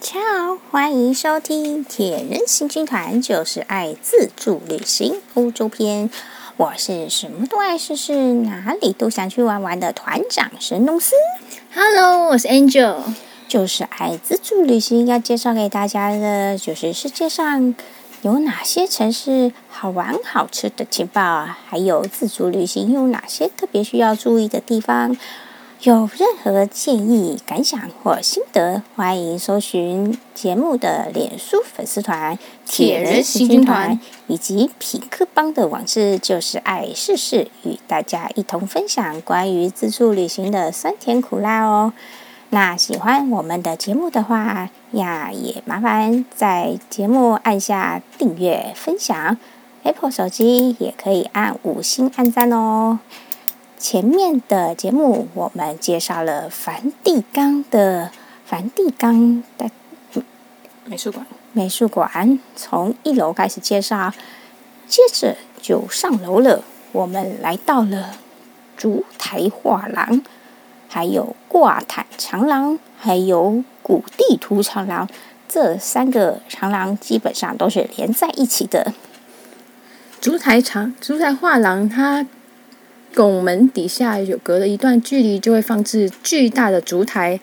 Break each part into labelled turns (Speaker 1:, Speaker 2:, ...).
Speaker 1: Ciao，歡迎收聽《鐵人行軍團》，就是愛自助旅行歐洲篇。我是什麼都愛試試，哪裡都想去玩玩的團長神農氏。Hello，我是 Angel，就是愛自助旅行。要介紹給大家的，就是世界上有哪些城市好玩好吃的情報，還有自助旅行有哪些特別需要注意的地方。有任何建議、感想或心得，歡迎搜尋節目的臉書粉絲團“鐵人行軍團”軍團以及痞客邦的網誌“就是愛試試”，與大家一同分享關於自助旅行的酸甜苦辣哦。那喜歡我們的節目的話呀，也麻煩在節目按下訂閱、分享。Apple 手機也可以按五星按讚哦。前面的節目，我們介紹了梵蒂岡的梵蒂岡的、嗯、美術館，美術館從一樓開始介紹，接着就上樓了。我們來到了燭台畫廊，還有掛毯長廊，還有古地圖長廊。這三個長廊基本上都是
Speaker 2: 連在一起的。燭台長燭台畫廊它。拱門底下有隔了一段距離，就會放置巨大的燭台。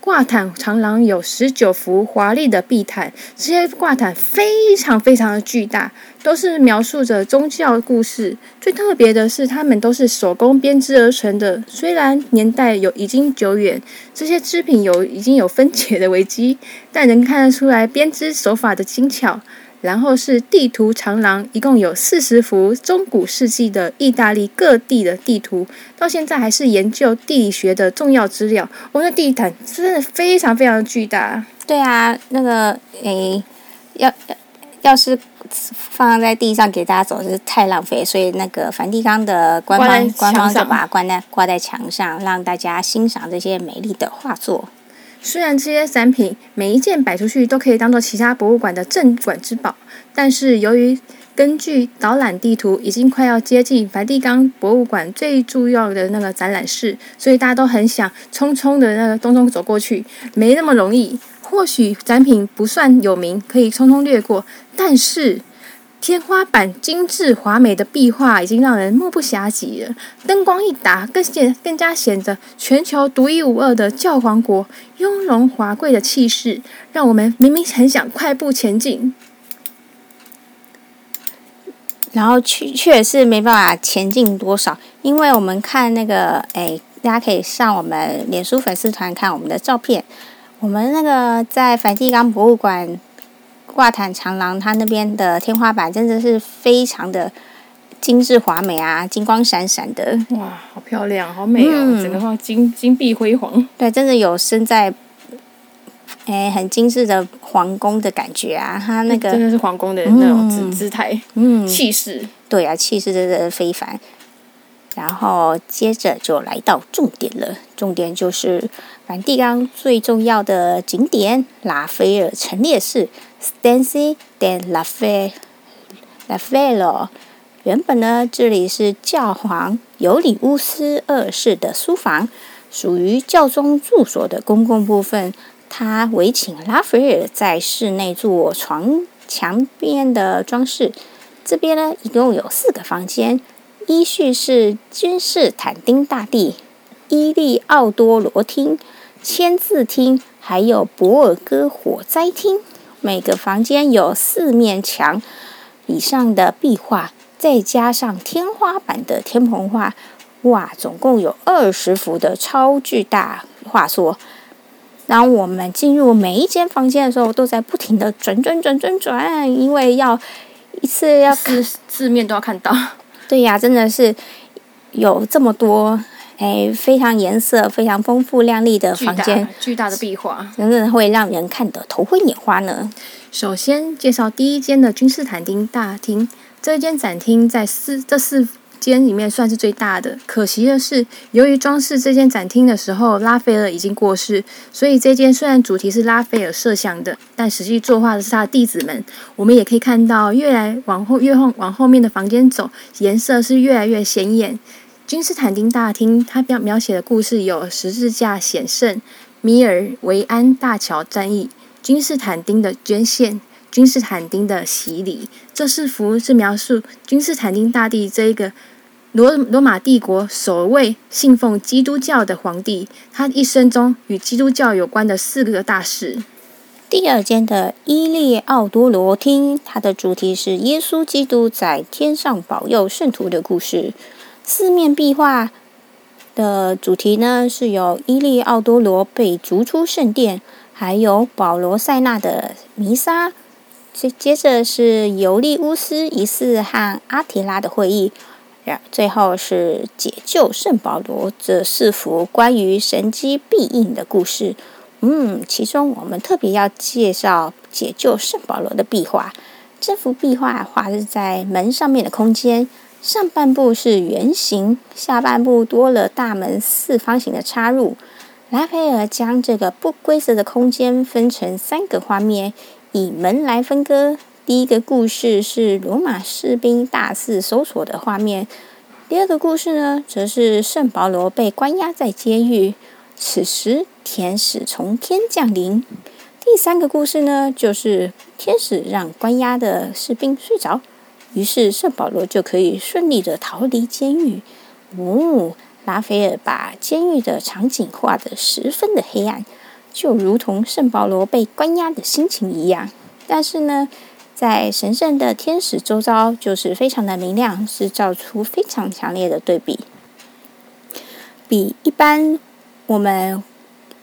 Speaker 2: 掛毯長廊有十九幅華麗的壁毯，這些掛毯非常非常的巨大，都是描述着宗教故事。最特別的是，它們都是手工編織而成的。雖然年代有已經久遠，這些織品有已經有分解的危機，但能看得出來編織手法的精巧。然後是地圖長廊，一共有四十幅中古世紀的意大利各地的地圖，到現在還是研究地理學的重要資料。我們的地毯真的非常非常巨大。對啊，那個誒，要要，要
Speaker 1: 是放在地上給大家走真是太浪費，所以那個梵蒂岡的官方官方就把它掛在掛在牆上，讓大家欣賞這些美麗的畫作。
Speaker 2: 雖然這些展品，每一件擺出去都可以當做其他博物館的鎮館之寶，但是由於根據導覽地圖已經快要接近梵蒂岡博物館最重要的那個展覽室，所以大家都很想匆匆的那個東東走過去。沒那麼容易。或許展品不算有名，可以匆匆略過，但是。天花板精緻華美的壁畫已經讓人目不暇給了。燈光一打更，更顯更加顯得全球獨一無二的教皇國雍容華貴的氣勢，讓我們明明很想快步前進，然後卻卻是沒辦法前進多少，
Speaker 1: 因為我們看那個，哎、欸，大家可以上我們臉書粉絲團看我們的照片，我們那個在梵蒂岡博物館。掛毯長廊，它那邊的天花板真的是非常的精緻華美啊，金光閃閃的，哇，好漂亮，好美啊、哦！嗯、整
Speaker 2: 個話金金碧輝煌，
Speaker 1: 對，真的有身在誒、欸、很精緻的皇宮的感覺啊，它那個它真的是皇宮的那種姿姿態，嗯，氣勢勢、嗯，對啊，氣勢真的非凡。然後接着就來到重點了，重點就是梵蒂岡最重要的景點——拉斐爾陳列室 （Stanza del a f e a r a f a e l l o 原本呢，這裡是教皇尤里烏斯二世的書房，屬於教宗住所的公共部分。他圍請拉斐爾在室內做床牆邊的裝飾。這邊呢，一共有四個房間。依序是君士坦丁大帝、伊利奧多羅廳、簽字廳，還有博爾哥火災廳。每個房間有四面牆以上的壁畫，再加上天花板的天棚畫，哇，總共有二十幅的超巨大畫作。當我們進入每一間房間的時候，都在不停的轉轉轉轉轉，因為要
Speaker 2: 一次要看，四面都要看
Speaker 1: 到。對呀，真的是有這麼多哎，非常顏色、非常豐富亮麗的房間巨、巨
Speaker 2: 大的壁畫，真的會讓人看得頭昏眼花呢。首先介紹第一間的君士坦丁大廳，這間展廳在四這是。間裡面算是最大的，可惜的是，由於裝飾這間展廳的時候，拉斐爾已經過世，所以這間雖然主題是拉斐爾設想的，但實際作畫的是他的弟子們。我們也可以看到，越來往後越後往，往後面的房間走，顏色是越來越顯眼。君士坦丁大廳，他描描寫的故事有十字架顯聖、米爾維安大橋戰役、君士坦丁的捐獻、君士坦丁的洗禮，這四幅是描述君士坦丁大帝這一個。羅羅馬帝國首位信奉基督教的皇帝，他一生中與基督教有關的四個大事。
Speaker 1: 第二間的伊利奧多羅廳，它的主題是耶穌基督在天上保佑聖徒的故事。四面壁畫的主題呢，是由伊利奧多羅被逐出聖殿，還有保羅塞納的彌撒。接接着是尤利烏斯一世和阿提拉的會議。後最後是解救聖保羅，這四幅關於神蹟庇應的故事。嗯，其中我們特別要介紹解救聖保羅的壁畫。這幅壁畫畫是在門上面的空間，上半部是圓形，下半部多了大門四方形的插入。拉斐爾將這個不規則的空間分成三個畫面，以門來分割。第一個故事是羅馬士兵大肆搜索的畫面，第二個故事呢，則是聖保羅被關押在監獄，此時天使從天降臨。第三個故事呢，就是天使讓關押的士兵睡着，於是聖保羅就可以順利地逃離監獄。嗚、哦，拉斐爾把監獄的場景畫得十分的黑暗，就如同聖保羅被關押的心情一樣。但是呢。在神聖的天使周遭，就是非常的明亮，是照出非常強烈的對比，比一般我們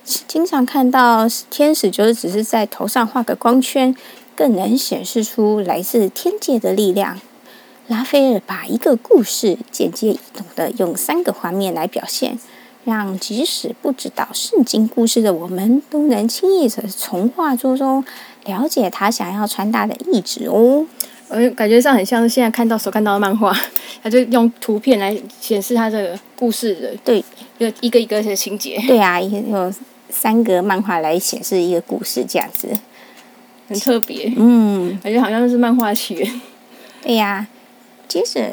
Speaker 1: 經常看到天使就是只是在頭上畫個光圈，更能顯示出來自天界的力量。拉斐爾把一個故事簡潔易懂的用三個畫面來表現，讓即使不知道聖經故事的我們都
Speaker 2: 能輕易的從畫作中。了解他想要傳達的意志哦，我感覺上很像是現在看到所看到的漫畫，他就用圖片來顯示他這個故事的對，有一個一個一個情節，對啊，有三個漫畫
Speaker 1: 來顯示一個故事這樣子，
Speaker 2: 很特別，嗯，感覺好像是漫畫起源，對呀，啊，其實。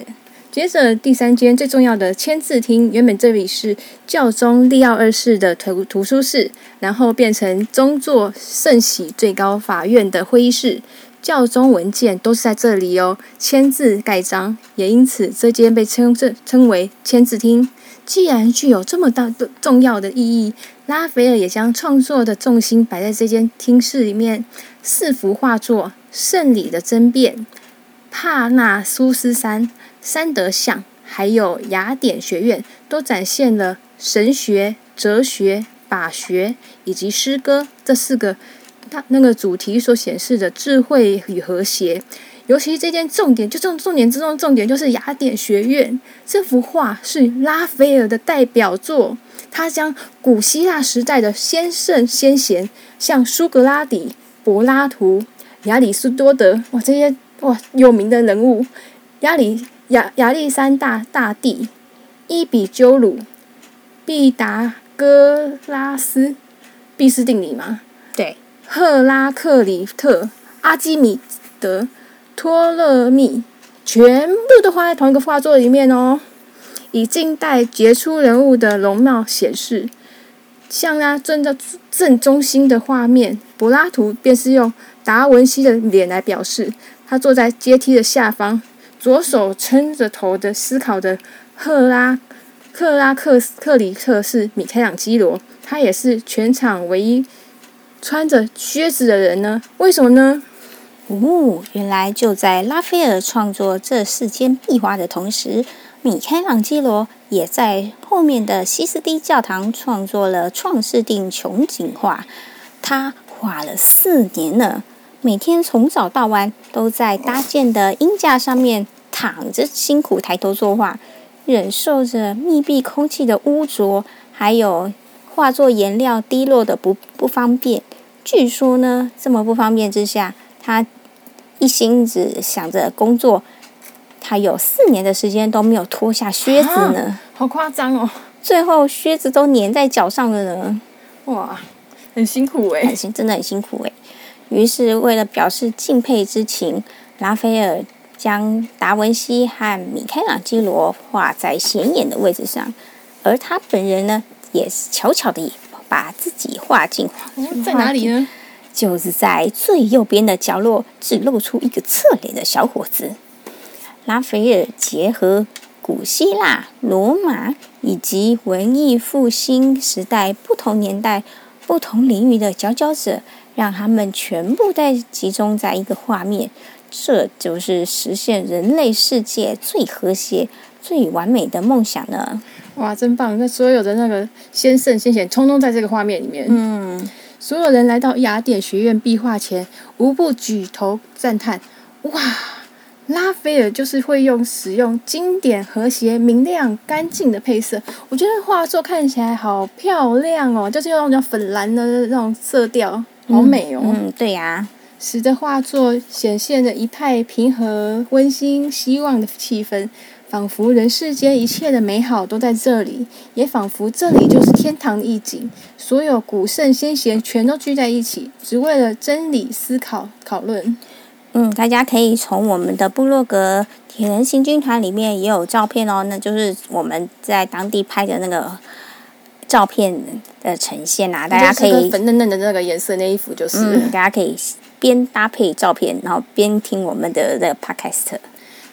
Speaker 2: 接着第三間最重要的簽字廳，原本這裡是教宗利奧二世的圖圖書室，然後變成宗座聖璽最高法院的會議室。教宗文件都是在這裡哦，簽字蓋章，也因此這間被稱這稱為簽字廳。既然具有這麼大的重要的意義，拉斐爾也將創作的重心擺在這間廳室裡面，四幅畫作《聖禮的爭辯》、《帕納蘇斯山》。三德像，還有雅典學院，都展現了神學、哲學、法學以及詩歌這四個那那，那個主題所顯示的智慧與和諧。尤其這件重點，就重重點之中的重點，重重點就是雅典學院這幅畫是拉斐爾的代表作，他將古希臘時代的先聖先賢，像蘇格拉底、柏拉圖、亞里士多德，哇，這些哇有名的人物，亞里。亞亞歷山大大帝、伊比鳩魯、畢達哥拉斯、畢氏定理嗎？對，赫拉克里特、阿基米德、托勒密，全部都畫在同一個畫作裡面哦、喔。以近代傑出人物的容貌顯示，像那正在正中心的畫面，柏拉圖便是用達文西的臉來表示，他坐在階梯的下方。左手撐着頭的思考的赫拉克利特斯是米開朗基羅，他也是全場唯一穿着靴子的人呢？為什麼呢？哦，原來就
Speaker 1: 在拉斐爾創作這四間壁畫的同時，米開朗基羅也在後面的西斯蒂教堂創作了《創世紀穹頂畫》，他畫了四年了。每天從早到晚都在搭建的鷹架上面躺着，辛苦抬頭作畫，忍受着密閉空氣的污濁，還有畫作顏料滴落的不不方便。據說呢，這麼不方便之下，他一心只想着工作，他有四年的時間都沒有脫下靴子呢。
Speaker 2: 啊、好誇張哦！
Speaker 1: 最後靴子都粘在腳上了呢。哇，很辛苦誒、欸，很辛，真的很辛苦誒、欸。於是，為了表示敬佩之情，拉斐爾將達文西和米開朗基羅畫在顯眼的位置上，而他本人呢，也是悄悄地把自己畫進畫進、
Speaker 2: 哦、在哪裡呢？
Speaker 1: 就是在最右邊的角落，只露出一個側臉的小伙子。拉斐爾結合古希臘、羅馬以及文藝復興時代不同年代、不同領域的佼佼者。讓他們全部在集中在一個畫面，這就是實現人類世界最和諧、最完美的夢想呢。
Speaker 2: 哇，真棒！那所有的那個先聖先賢，通通在這個畫面裡面。嗯，所有人來到雅典學院壁畫前，無不舉頭讚嘆。哇，拉斐爾就是會用使用經典、和諧、明亮、乾淨的配色，我覺得畫作看起來好漂亮哦，就是用那種粉藍的那種色調。好美哦！嗯,嗯，對呀、啊，使得畫作顯現了一派平和、溫馨、希望的氣氛，仿佛人世間一切的美好都在這裡，也仿佛這裡就是天堂的意境。所有古聖先賢全都聚在一起，只為了真理思考討論。嗯，大家可以從
Speaker 1: 我們的部落格《鐵人行軍團》裡面也有照片哦，那就是我們在當地拍的那個。照片的呈現吶、啊，大家可以粉嫩嫩的那個顏色
Speaker 2: 那一幅就是、嗯，大家
Speaker 1: 可以邊搭配照片，然後邊聽我們的的
Speaker 2: podcast。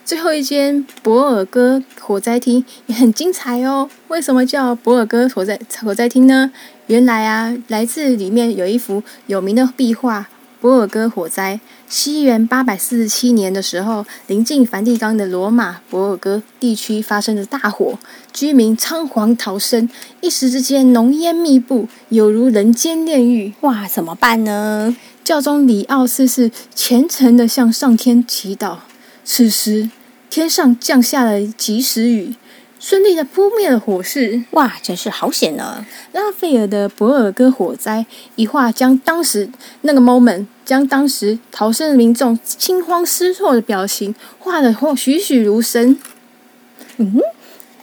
Speaker 2: 最後一間博爾哥火災廳也很精彩哦。為什麼叫博爾哥火災火災廳呢？原來啊，來自裡面有一幅有名的壁畫。博爾哥火災，西元八百四十七年的時候，臨近梵蒂岡的羅馬博爾哥地區發生了大火，居民倉皇逃生，一時之間濃煙密布，有如人間煉獄。哇，怎麼辦呢？教宗里奧四世虔誠地向上天祈禱，此時天上降下了及時雨。順利的撲滅了火勢，哇，真是好險啊！拉斐爾的博爾戈火災一畫，將當時那個 moment，將當時逃生的民眾驚慌失措的表情畫得栩栩如生。嗯，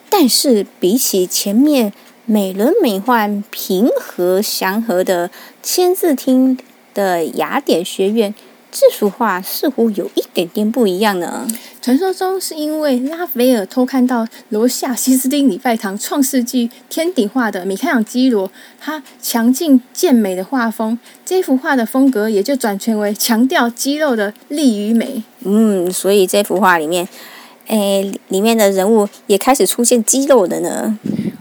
Speaker 2: 但是比
Speaker 1: 起前面美輪美奐、平和祥和的簽字廳的雅典學院。這幅畫似乎有一點點不一
Speaker 2: 樣呢。傳說中是因為拉斐爾偷看到羅夏西斯汀禮拜堂《創世紀》天頂畫的米開朗基羅，他強勁健美的畫風，這幅畫的風格也就轉成為強調肌肉的力與美。嗯，
Speaker 1: 所以這幅畫裡面，誒，裡面的人物也開始出現肌肉的呢。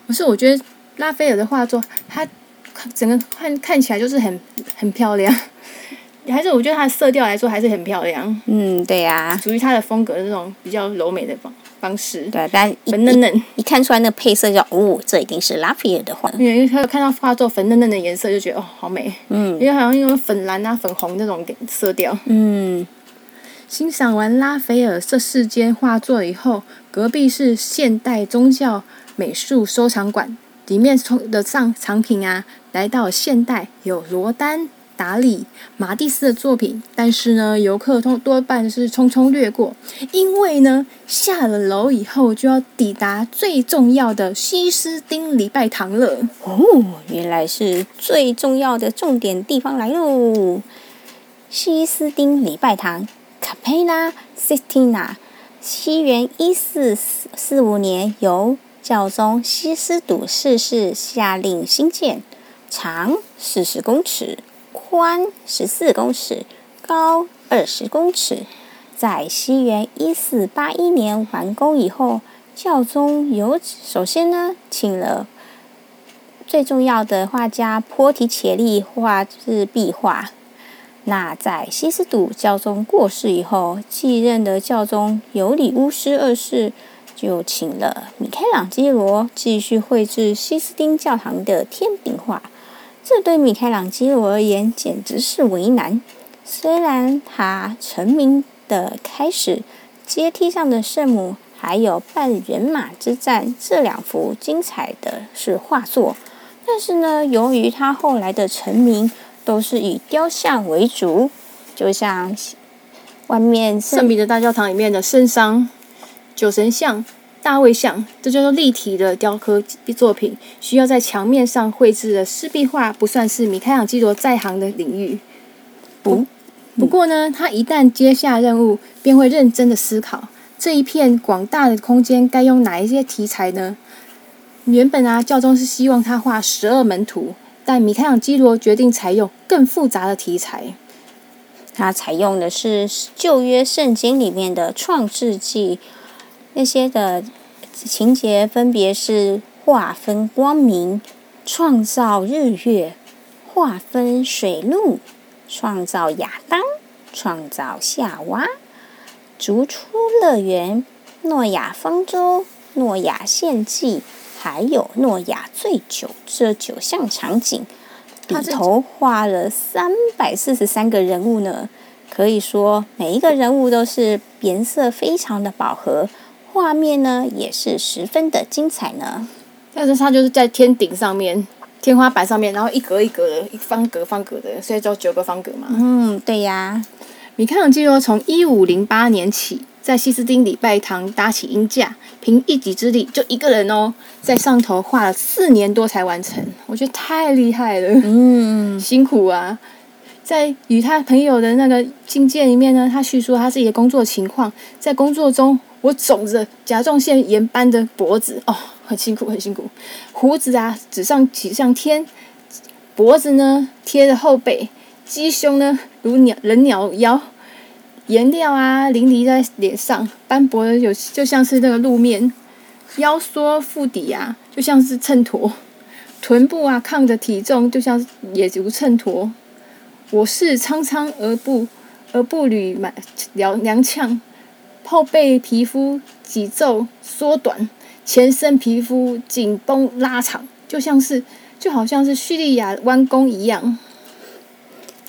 Speaker 2: 可是我覺得拉斐爾的畫作，他整個看看起來就是很很漂亮。還是我覺得它的色調來說，還是很漂亮。嗯，對呀、啊。屬於它的風格的那種比較柔美的方方式。對，但粉嫩嫩一。一看出來那配色就哦，這一定是拉斐爾的畫。因為他看到畫作粉嫩嫩的顏色，就覺得哦好美。嗯。因為好像用粉藍啊、粉紅這種色調。嗯。欣賞完拉斐爾這四間畫作以後，隔壁是現代宗教美術收藏館，裡面從的藏藏品啊，來到現代有羅丹。打理馬蒂斯的作品，但是呢，遊客通多半是匆匆掠過，因為呢，下了樓以後就要抵達最重要的西斯丁禮拜堂了。
Speaker 1: 哦，原來是
Speaker 2: 最重要的重點
Speaker 1: 地方來嘍！西斯丁禮拜堂 c a p p e n a Sistina），西元一四四五年由教宗西斯篤四世下令興建，長四十公尺。寬十四公尺，高二十公尺。在西元一四八一年完工以後，教宗有，首先呢請了最重要的畫家波提切利畫自壁畫。那在西斯篤教宗過世以後，繼任的教宗尤裡烏斯二世就請了米開朗基羅繼續,繼續繪制西斯丁教堂的天頂畫。這對米開朗基羅而言簡直是為難。雖然他成名的開始，階梯上的聖母還有半人馬之戰這兩幅精彩的是畫作，但是呢，由於他後來的成名都
Speaker 2: 是以雕像為主，就像外面聖彼得大教堂裡面的聖殤、酒神像。大衛像，這叫做立體的雕刻作品。需要在牆面上繪製的濕壁畫，不算是米開朗基羅在行的領域。不，不過呢，他一旦接下任務，便會認真的思考這一片廣大的空間該用哪一些題材呢？原本啊，教宗是希望他畫十二門徒，但米開朗基羅決定採用更複雜的題材。
Speaker 1: 他採用的是舊約聖經裡面的創世紀。那些的情節分別是：劃分光明，創造日月，劃分水陸、創造亞當，創造夏娃，逐出樂園，諾亞方舟，諾亞獻祭，還有諾亞醉酒這九項場景，裡頭畫了三百四十三個人物呢。可以說，每一個人物都是顏色非常的飽和。畫面呢，也是十分的精彩呢。
Speaker 2: 但是它就是在天頂上面，天花板上面，然後一格一格的，一方格方格的，所以就九個方格嘛。嗯，對呀。米開朗基羅從一五零八年起，在西斯丁禮拜堂搭起鷹架，憑一己之力就一個人哦，在上頭畫了四年多才完成。我覺得太厲害了，嗯，辛苦啊。在與他朋友的那個信件裡面呢，他敘述他自己的工作情況，在工作中。我腫着甲狀腺炎般的脖子哦，很辛苦很辛苦，鬍子啊指上擠上天，脖子呢貼着後背，雞胸呢如鳥人鳥腰，顏料啊淋漓在臉上，斑駁的有就像是那個路面，腰縮腹底啊就像是秤砣，臀部啊扛着體重就像也如秤砣，我是蒼蒼而不而不履滿踉踉蹌。後背皮膚褶皺縮短，前身皮膚緊繃拉長，就像是就好像是敘利亞彎弓一樣。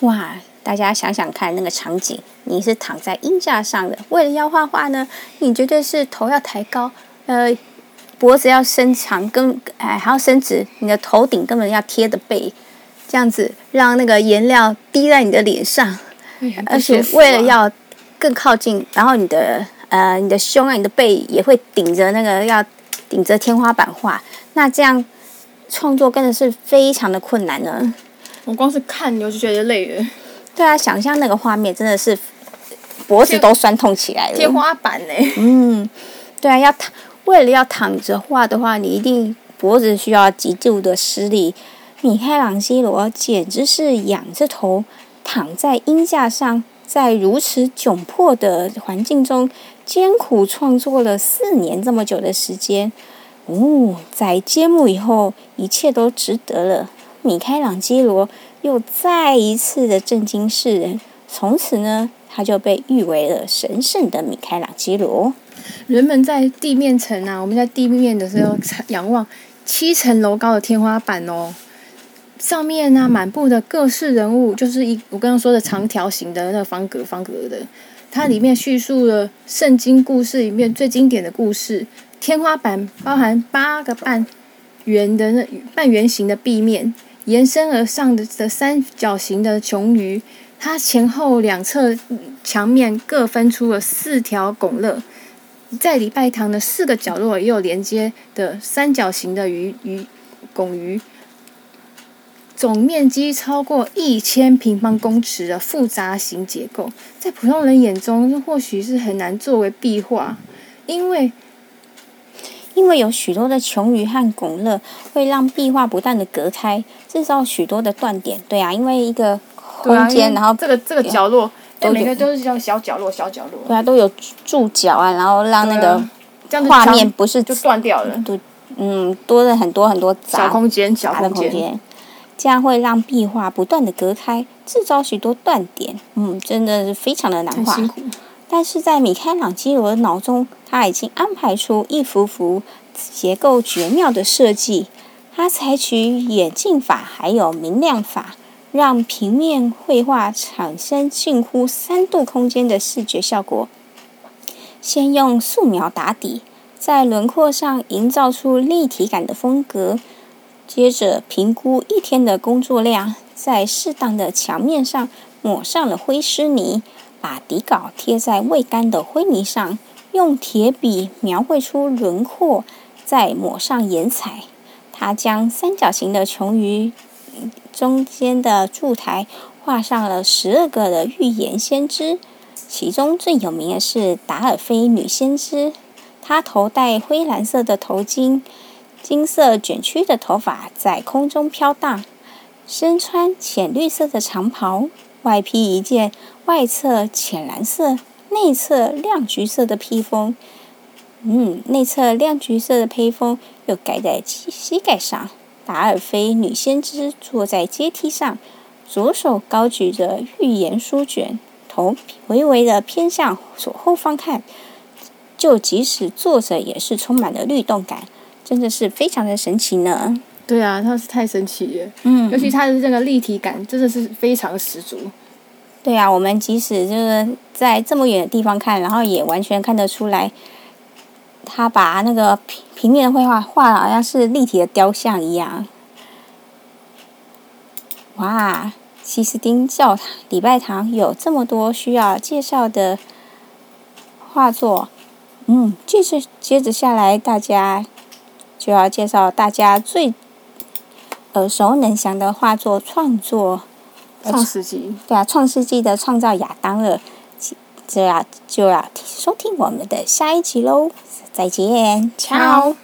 Speaker 2: 哇，
Speaker 1: 大家想想看那個場景，你是躺在鷹架上的，為了要畫畫呢，你絕對是頭要抬高，呃，脖子要伸長，跟哎還要伸直，你的頭頂根本要貼着背，這樣子讓那個顏料滴在你的臉上，哎啊、而且為了要更靠近，然後你的。呃，你的胸啊，你的背也會頂着那個要頂着天花板畫，那這樣創作真的是非常的困難呢。
Speaker 2: 我光是看你我就覺得累了。
Speaker 1: 對啊，想象那個畫面真的是脖子都酸痛起來了。天、天花板呢、欸？嗯，對啊，要躺為了要躺着畫的話，你一定脖子需要極度的施力。米開朗基羅簡直是仰着頭躺在鷹架上，在如此窘迫的環境中。艱苦創作了四年這麼久的時間，哦，在揭幕以後，一切都值得了。米開朗基羅又再一次的震驚世人，從此呢，他就被譽為了神聖的米
Speaker 2: 開朗基羅。人們在地面層啊，我們在地面的時候仰望七層樓高的天花板哦，上面呢、啊，滿布的各式人物，就是一我剛剛說的長條形的那個方格、方格的。它裡面敘述了聖經故事裡面最經典的故事。天花板包含八個半圓的那半圓形的壁面，延伸而上的的三角形的穹隅，它前後兩側牆面各分出了四條拱肋，在禮拜堂的四個角落也有連接的三角形的隅隅拱隅。總面積超過一千平方公尺的複雜型結構，在普通人眼中或許是很難作為壁畫，因為因為有許多的穹宇和
Speaker 1: 拱樂會讓壁畫不斷的隔開，制造許多的斷點。對啊，因為一個
Speaker 2: 空間，然後、啊、這個這個角落，都嗯、每個都是叫小角落、小角落。對啊，都有駐角啊，然後讓那個畫面不是、啊、就斷掉了。嗯，多
Speaker 1: 了很多很多雜小空間、小空間。這樣會讓壁畫不斷地隔開，製造許多斷點。嗯，真的是非常的難畫。但是，在米開朗基羅的腦中，他已經安排出一幅幅結構絕妙的設計。他採取遠近法，還有明亮法，讓平面繪畫產生近乎三度空間的視覺效果。先用素描打底，在輪廓上營造出立體感的風格。接着評估一天的工作量，在適當的牆面上抹上了灰濕泥，把底稿貼在未乾的灰泥上，用鐵筆描繪出輪廓，再抹上顏彩。他將三角形的穹隅中間的柱台畫上了十二個的預言先知，其中最有名的是德爾菲女先知，她頭戴灰藍色的頭巾。金色卷曲的頭髮在空中飄蕩，身穿淺綠色的長袍，外披一件外側淺藍色、內側亮橘色的披風。嗯，內側亮橘色的披風又蓋在膝膝蓋上。德爾菲女先知坐在階梯上，左手高舉着預言書卷，頭微微的偏向左後方看，就即使坐着也是充滿了律動感。真的是非常的神奇呢。
Speaker 2: 對啊，它是太神奇了。嗯。尤其它的這個立體感，真的是非常十足。
Speaker 1: 對啊，我們即使就是在這麼遠的地方看，然後也完全看得出來，他把那個平平面的繪畫畫的好像是立體的雕像一樣。哇！西斯汀教堂禮拜堂有這麼多需要介紹的畫作，嗯，繼續接着下來大家。就要介紹大家最耳熟能詳的畫作創作，創、創世紀。對啊，創世紀的創造亞當了，就要就要收聽我們的下一集嘍，再見，Ciao，Ciao。